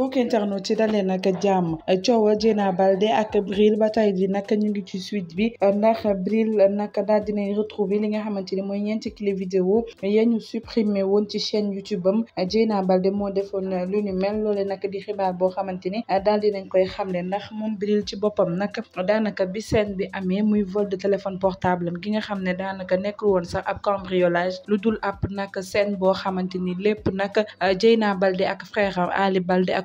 mbokk internet ci dalee nag jàmm coowal Dieyna Baldé ak Bril ba tey ji nag ñu ngi ci suite bi ndax Bril nag daal dinañ retrouver li nga xamante ni mooy ñeenti clip vidéo ya ñu supprimé woon ci chaîne YouTube am Dieyna Baldé moo defoon lu ni mel loole nag di xibaar boo xamante ni daal dinañ koy xamle ndax moom Bril ci boppam nag daanaka bi seen bi amee muy vol de téléphone portable am gi nga xam ne daanaka nekk woon sax ab cambriolage lu dul ab nag scène boo xamante ni lépp nag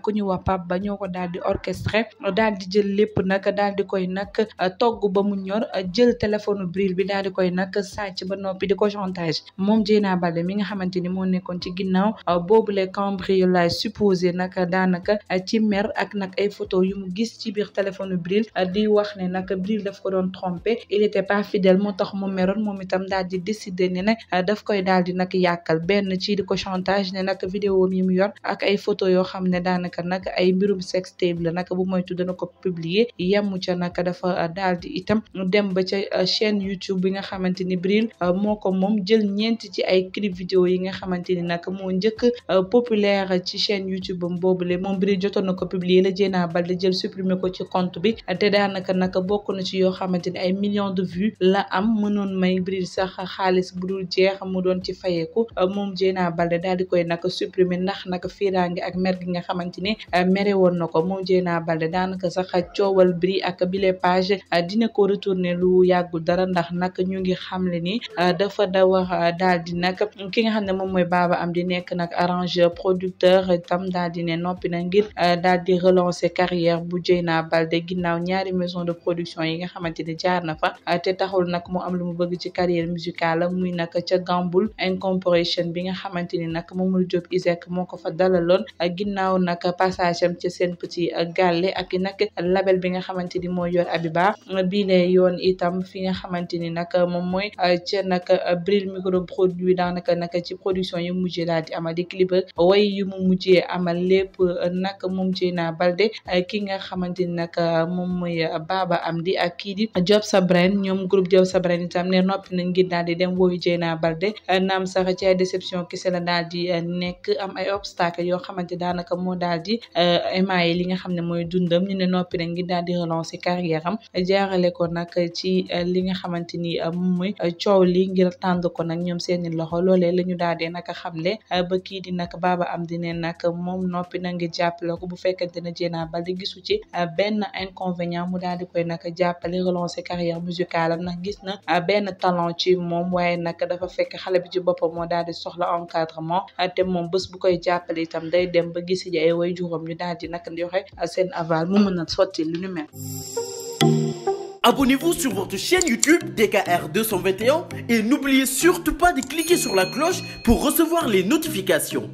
ku ñu wax Pape Ba ñoo ko daal di orchestré daal di jël lép naka daal di koy nag euh, togg ba mu ñor euh, jël téléphone bril bi daal di koy nag sàcc ba noppi di ko chantage moom Dieyna Baldé mi nga xamante ni moo nekkoon ci ginnaaw euh, boobule cambriolage supposé nag daanaka ci mer ak nag ay photo yu mu gis ci biir téléphone bril di wax ne nag bril daf ko doon trompé il était pas fidèle moo tax mu meroon moom itam daal di décider ne ne daf koy daal di nag yàkkal benn que nag ay mbirum sextape la nag bu moytu dana ko publier yemu ca nag dafa daal di itam dem ba ca euh, chaîne YouTube bi nga xamante ni Bril euh, moo ko moom jël ñeent ci ay clip vidéo yi nga xamante ni nag moo njëkk euh, populaire ci chaîne YouTube am boobule moom Bril jotoon na ko publier la Dieyna Baldé jël supprimer ko ci compte bi te daanaka nag bokk na ci yoo xamante ni ay millions de vues la am mënoon may Bril sax xaalis bu dul jeex mu doon ci fayeeku moom Dieyna Baldé daal di koy nag xamante ne euh, mere woon na ko moom Dieyna Baldé daanaka sax a coowal Bri ak bile page euh, dina ko retourner lu yàggul dara ndax nag ñu ngi xamle ni euh, dafa da wax nag ki nga xam ne moom mooy Baba Am di nekk nag arrangeur producteur tam daal di ne noppi na ngir daal di relancer carrière bu Dieyna Baldé ginnaaw ñaari maison de production yi nga xamante ne jaar na fa te taxul nag mu am lu mu bëgg ci carrière musicale muy nag ca Gamboul incorporation bi nga xamante ni nag Mamour Diop Isaac moo ko fa dalaloon ginnaaw nag passage am ci seen petit euh, gàlle ak i nag label bi nga xamante ni moo yor Abiba biile yoon itam fi nga xamante ni nag moom mooy euh, ca nag euh, bril micro produit daanaka nag ci production yu mujjee daal di amal di clip way yu mu mujjee amal lépp nag moom ci naa balde ki nga xamante ni nag moom mooy Baba di ak kii di Job sa brain ñoom groupe Job sa brain itam ne noppi nañ ngir daal di dem wooyu Dieyna Balde naam sax ci ay déception kese la daal di nekk am ay obstacle yoo xamante daanaka moo daal daal di euh, émaillé li nga xam ne mooy dundam ñu ne noppi na ngir daal di relancer carrière am jaarale ko nag ci euh, li nga xamante ni euh, moom mooy coow li ngir tànd ko nag ñoom seeni loxo loolee la ñu daal di nag le ba kii di nag am di ne nag moom noppi na ngir jàppale bu fekkente ne Dieyna Baldé gisu ci benn inconvénient mu daal di koy nag jàppale relancer carrière musicale am nag gis na a benn talent ci moom waaye nag dafa fekk xale bi ci boppam moo daal di soxla encadrement te moom bés bu koy jàppale itam day dem ba gis ji way juróom ñu daal di nag joxe euh, seen aval mu mën a sotti lu ñu mel. Abonnez-vous sur votre chaîne YouTube DKR et n'oubliez surtout pas de cliquer sur la cloche pour recevoir les notifications.